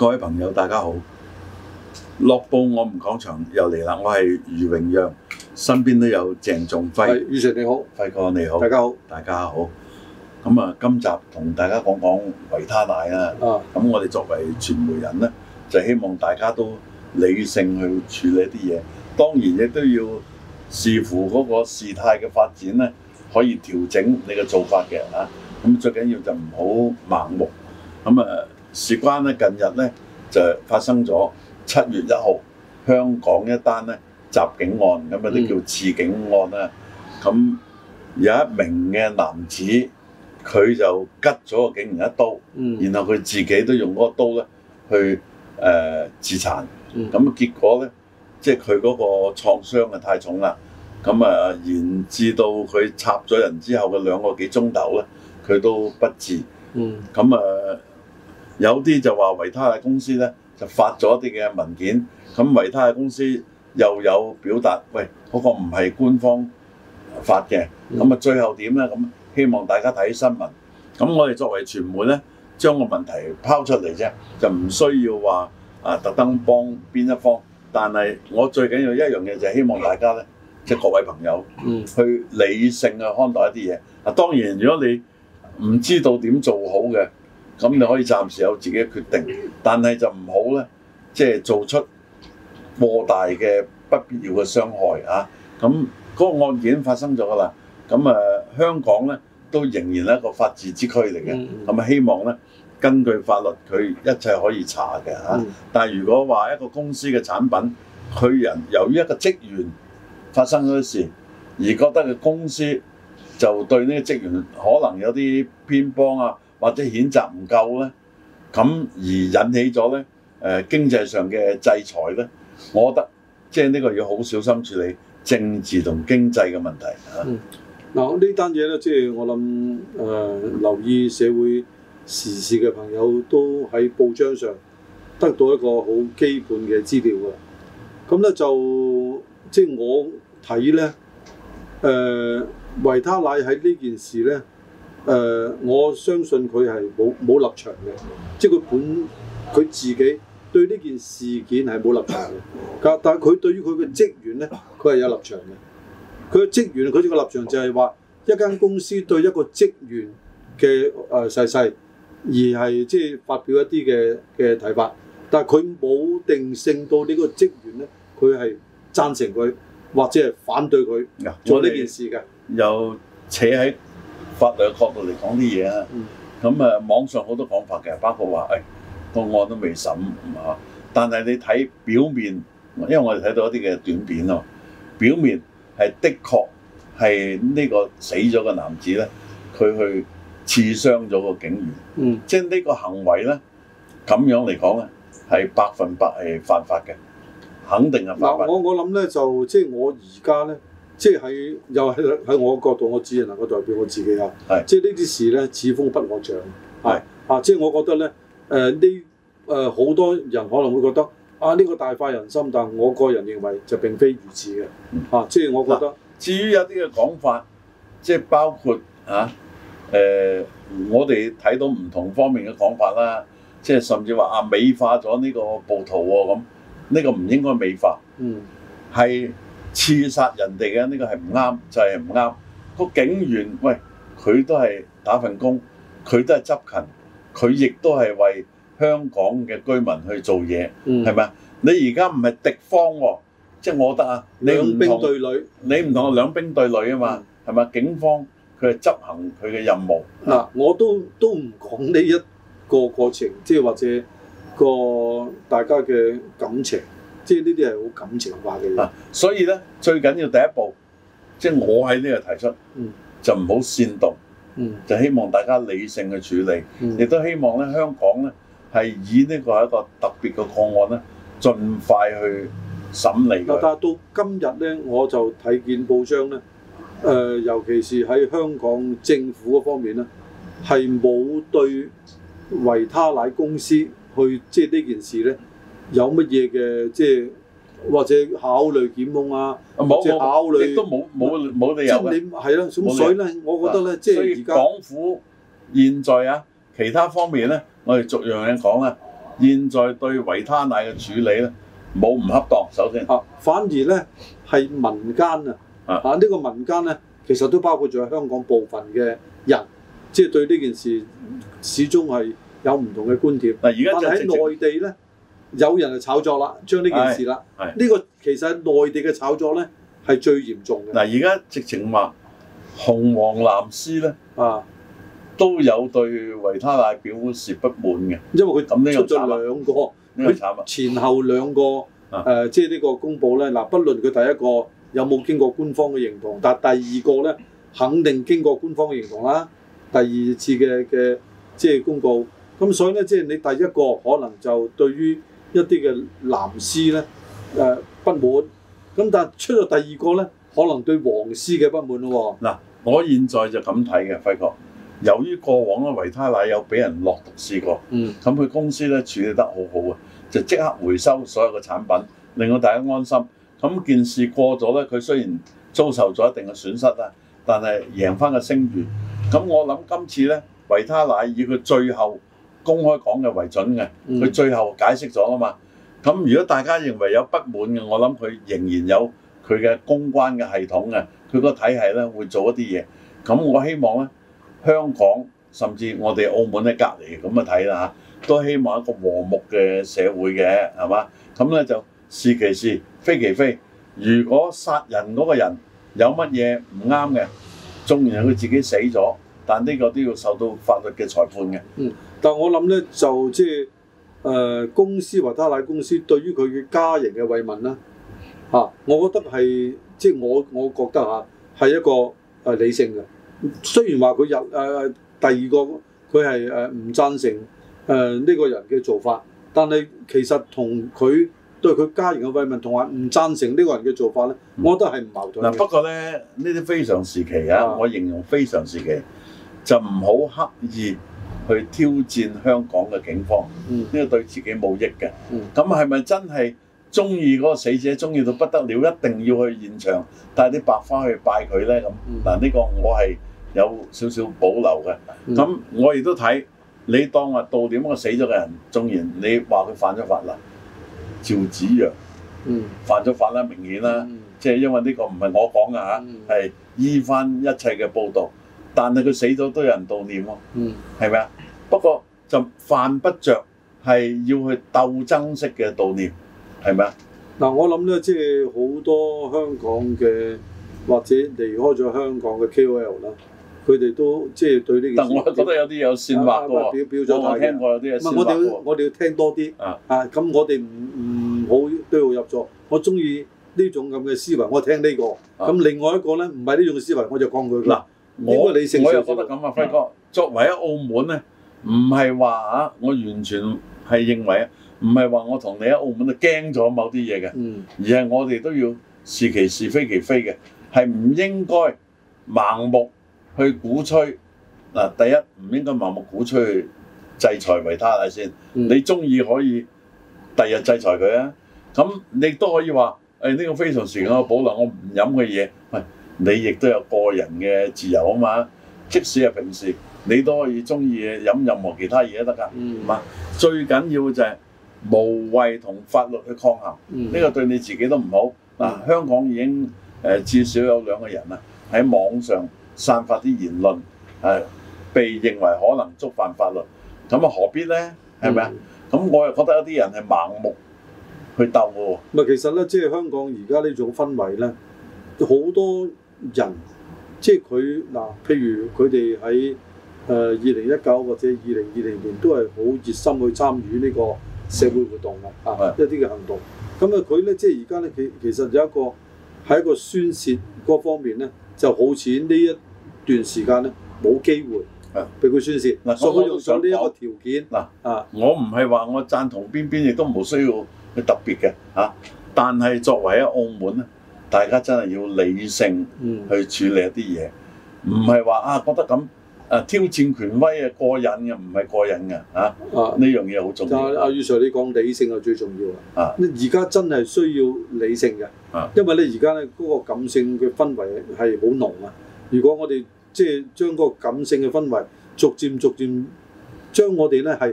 各位朋友，大家好！樂報我哋講場又嚟啦，我係余榮耀，身邊都有鄭仲輝。係，宇你好，輝哥你好，大家好，大家好。咁啊，今集同大家講講維他奶啊，咁我哋作為傳媒人呢，就希望大家都理性去處理啲嘢。當然亦都要視乎嗰個事態嘅發展呢，可以調整你嘅做法嘅嚇。咁最緊要就唔好盲目。咁啊～事關咧，近日咧就發生咗七月一號香港一單咧襲警案，咁啊都叫刺警案啦。咁、嗯、有一名嘅男子，佢就吉咗個警員一刀，嗯、然後佢自己都用嗰個刀咧去誒、呃、自殘。咁、嗯、結果咧，即係佢嗰個創傷啊太重啦。咁啊，延、呃、至到佢插咗人之後嘅兩個幾鐘頭咧，佢都不治。咁、嗯、啊～有啲就話維他奶公司呢就發咗一啲嘅文件，咁維他奶公司又有表達，喂，嗰個唔係官方發嘅，咁啊最後點呢？咁希望大家睇新聞，咁我哋作為傳媒呢，將個問題拋出嚟啫，就唔需要話啊特登幫邊一方。但係我最緊要一樣嘢就希望大家呢，即各位朋友去理性去看待一啲嘢。啊，當然如果你唔知道點做好嘅。咁你可以暫時有自己嘅決定，但係就唔好呢，即係做出過大嘅不必要嘅傷害啊！咁嗰個案件發生咗噶啦，咁誒香港呢都仍然係一個法治之區嚟嘅，係咪希望呢，根據法律佢一切可以查嘅嚇？但係如果話一個公司嘅產品，佢人由於一個職員發生嗰啲事，而覺得個公司就對呢個職員可能有啲偏幫啊，或者譴責唔夠咧，咁而引起咗咧誒經濟上嘅制裁咧，我覺得即係呢個要好小心處理政治同經濟嘅問題嚇。嗱、啊嗯嗯、呢單嘢咧，即、就、係、是、我諗誒、呃、留意社會時事嘅朋友都喺報章上得到一個好基本嘅資料㗎。咁咧就即係、就是、我睇咧誒維他奶喺呢件事咧。誒、呃，我相信佢係冇冇立場嘅，即係佢本佢自己對呢件事件係冇立場嘅。但係佢對於佢嘅職員呢，佢係有立場嘅。佢嘅職員佢呢個立場就係話，一間公司對一個職員嘅誒逝世，呃、而係即係發表一啲嘅嘅睇法。但係佢冇定性到呢個職員呢，佢係贊成佢或者係反對佢做呢件事嘅、嗯嗯嗯嗯嗯。又扯喺。法律嘅角度嚟講啲嘢啊，咁啊網上好多講法嘅，包括話誒個案都未審嚇、啊，但係你睇表面，因為我哋睇到一啲嘅短片啊，表面係的確係呢個死咗嘅男子咧，佢去刺傷咗個警員，嗯、即係呢個行為咧咁樣嚟講咧係百分百係犯法嘅，肯定係犯法。嗯、我我諗咧就即係我而家咧。即係喺又喺喺我角度，我只係能夠代表我自己啊！即係呢啲事咧，此風不可長。係啊，即係我覺得咧，誒呢誒好多人可能會覺得啊，呢、這個大快人心，但係我個人認為就並非如此嘅。啊，即係我覺得。啊、至於有啲嘅講法，即係包括啊誒、呃，我哋睇到唔同方面嘅講法啦，即係甚至話啊美化咗呢個暴徒喎、哦、咁，呢、這個唔應該美化。嗯，係。刺殺人哋嘅呢個係唔啱，就係唔啱。個警員喂，佢都係打份工，佢都係執勤，佢亦都係為香港嘅居民去做嘢，係、嗯、嘛？你而家唔係敵方喎、哦嗯，即係我得啊，你兵唔同，你唔同我兩兵對壘啊嘛，係、嗯、咪？警方佢係執行佢嘅任務。嗱、嗯，我都都唔講呢一個過程，即係或者個大家嘅感情。即係呢啲係好感情化嘅嘢。啊，所以咧最緊要的第一步，即、就、係、是、我喺呢度提出，嗯、就唔好煽動、嗯，就希望大家理性去處理，亦、嗯、都希望咧香港咧係以呢個係一個特別嘅個案咧，盡快去審理。但係到今日咧，我就睇見報章咧，誒、呃，尤其是喺香港政府嗰方面咧，係冇對維他奶公司去即係呢件事咧。有乜嘢嘅即係或者考慮檢控啊？或者考慮亦都冇冇冇理由嘅。係啦咁所以咧，以我覺得咧，即係而家。就是、港府現在啊，其他方面咧，我哋逐樣嘢講啦。現在對維他奶嘅處理咧，冇唔恰當。首先，啊，反而咧係民間啊，啊呢、這個民間咧，其實都包括咗香港部分嘅人，即、就、係、是、對呢件事始終係有唔同嘅觀點。但係喺內地咧。有人就炒作啦，將呢件事啦，呢、呢個其實內地嘅炒作咧係最嚴重嘅。嗱，而家直情話紅黃藍絲咧啊，都有對維他奶表示不滿嘅，因為佢出咗兩個，呢個慘啊，前後兩個誒，即係呢個公佈咧。嗱，不論佢第一個有冇經過官方嘅認同，但係第二個咧肯定經過官方嘅認同啦。第二次嘅嘅即係公告，咁所以咧即係你第一個可能就對於一啲嘅藍絲呢，誒不滿，咁但係出咗第二個呢，可能對黃絲嘅不滿咯。嗱，我現在就咁睇嘅輝哥。由於過往咧維他奶有俾人落毒試過，嗯，咁佢公司呢，處理得好好啊，就即刻回收所有嘅產品，令到大家安心。咁件事過咗呢，佢雖然遭受咗一定嘅損失啊，但係贏翻個聲譽。咁我諗今次呢維他奶以佢最後公開講嘅為準嘅，佢最後解釋咗吖嘛。咁、嗯、如果大家認為有不滿嘅，我諗佢仍然有佢嘅公關嘅系統嘅，佢個體系咧會做一啲嘢。咁我希望咧，香港甚至我哋澳門喺隔籬咁樣睇啦嚇，都希望一個和睦嘅社會嘅，係嘛？咁咧就是其是非其非。如果殺人嗰個人有乜嘢唔啱嘅，縱然佢自己死咗。但呢個都要受到法律嘅裁判嘅。嗯，但我諗咧，就即係誒公司或者維他奶公司對於佢嘅家人嘅慰問啦，嚇、啊，我覺得係即係我我覺得嚇係一個係理性嘅。雖然話佢有誒第二個佢係誒唔贊成誒呢、呃這個人嘅做法，但係其實同佢對佢家人嘅慰問同埋唔贊成呢個人嘅做法咧、嗯，我覺得係唔矛盾的、啊。不過咧呢啲非常時期啊，我形容非常時期。就唔好刻意去挑戰香港嘅警方，呢、嗯、個對自己冇益嘅。咁係咪真係中意嗰個死者中意到不得了，一定要去現場帶啲白花去拜佢呢？咁、嗯、嗱，呢個我係有少少保留嘅。咁、嗯、我亦都睇你當話到點死咗嘅人，個死咗嘅人縱然你話佢犯咗法啦，趙子陽、嗯、犯咗法啦，明顯啦，即、嗯、係、就是、因為呢個唔係我講嘅吓，係依返一切嘅報導。但係佢死咗都有人悼念咯，係咪啊？不過就犯不着係要去鬥爭式嘅悼念，係咪啊？嗱、嗯，我諗咧，即係好多香港嘅或者離開咗香港嘅 K O L 啦，佢哋都即係對呢個。但係我覺得有啲有説話、啊嗯、表表咗態：我聽過有啲嘢我哋要我哋要聽多啲啊！啊，咁我哋唔唔好都要對號入座。我中意呢種咁嘅思維，我聽呢、呢個。咁、啊、另外一個咧，唔係呢種思維，我就講佢嗱。嗯我我又覺得咁啊，輝哥，嗯、作為喺澳門咧，唔係話啊，我完全係認為啊，唔係話我同你喺澳門都驚咗某啲嘢嘅，嗯，而係我哋都要是其是非其非嘅，係唔應該盲目去鼓吹嗱，第一唔應該盲目鼓吹去制裁維他奶先，嗯、你中意可以第日日制裁佢啊，咁你都可以話誒呢個非常時期我保留我唔飲嘅嘢，喂。你亦都有個人嘅自由啊嘛，即使係平時你都可以中意飲任何其他嘢都得㗎，啊、嗯、最緊要就係無謂同法律去抗衡，呢、嗯呢個對你自己都唔好。嗱、嗯啊，香港已經誒、呃、至少有兩個人啊喺網上散發啲言論，係、啊、被認為可能觸犯法律，咁啊何必咧？係咪啊？咁、嗯、我又覺得有啲人係盲目去鬥喎。唔係，其實咧，即、就、係、是、香港而家呢種氛圍咧，好多。人即係佢嗱，譬如佢哋喺誒二零一九或者二零二零年都係好熱心去參與呢個社會活動嘅啊，一啲嘅行動。咁啊，佢咧即係而家咧，其其實有一個喺一個宣泄嗰方面咧，就好似呢一段時間咧冇機會啊，俾佢宣泄嗱。所以我用咗呢一個條件嗱啊，我唔係話我贊同邊邊，亦都冇需要特別嘅嚇，啊。但係作為一澳門咧。大家真係要理性去處理一啲嘢，唔係話啊覺得咁啊挑戰權威是過癮不是過癮啊過癮嘅，唔係過癮嘅嚇啊，呢樣嘢好重要。阿阿宇 Sir，你講理性係最重要啊！而家真係需要理性嘅，啊，因為咧而家咧嗰個感性嘅氛圍係好濃啊。如果我哋即係將嗰個感性嘅氛圍逐漸逐漸將我哋咧係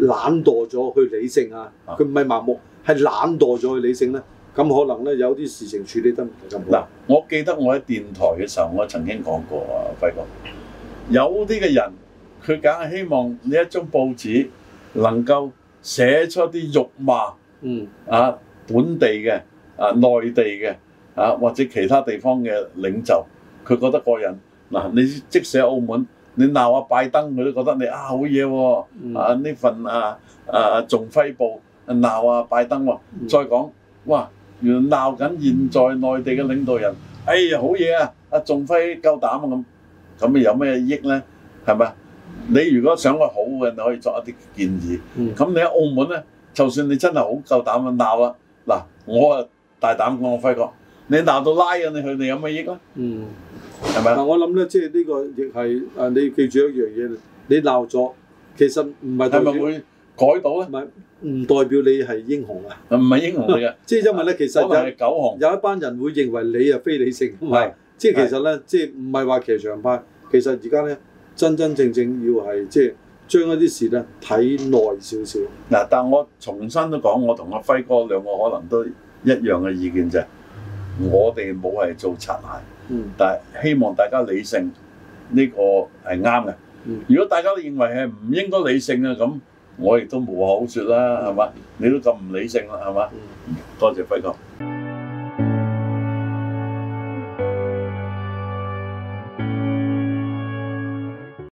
懶惰咗去理性啊，佢唔係盲目，係懶惰咗去理性咧。咁可能咧，有啲事情處理得唔咁好。嗱，我記得我喺電台嘅時候，我曾經講過啊，輝哥，有啲嘅人佢梗係希望呢一張報紙能夠寫出啲辱罵，嗯啊，本地嘅啊，內地嘅啊，或者其他地方嘅領袖，佢覺得過癮。嗱，你即使喺澳門，你鬧阿拜登，佢都覺得你啊好嘢喎，啊呢份啊啊仲輝報鬧阿拜登喎，再講哇！原鬧緊現在內地嘅領導人，哎呀好嘢啊！阿仲輝夠膽啊咁，咁咪有咩益咧？係咪你如果想個好嘅，你可以作一啲建議。咁、嗯、你喺澳門咧，就算你真係好夠膽啊鬧啊！嗱，我啊大膽講輝哥，你鬧到拉啊，你去，你有咩益啊？嗯，係咪嗱，我諗咧，即係呢個亦係啊，你記住一樣嘢，你鬧咗，其實唔係咁。是改到咧，唔係唔代表你係英雄啊！唔係英雄嚟嘅，即 係因為咧，其實有、就係就係、九行有一班人會認為你係非理性，係即係其實咧，即係唔係話騎牆派，其實而家咧真真正正要係即係將一啲事咧睇耐少少。嗱，但係我重新都講，我同阿輝哥兩個可能都一樣嘅意見啫。我哋冇係做拆鞋、嗯，但係希望大家理性，呢、呢個係啱嘅。如果大家都認為係唔應該理性啊咁。我亦都冇話好説啦，係嘛？你都咁唔理性啦，係嘛？嗯，多謝輝哥。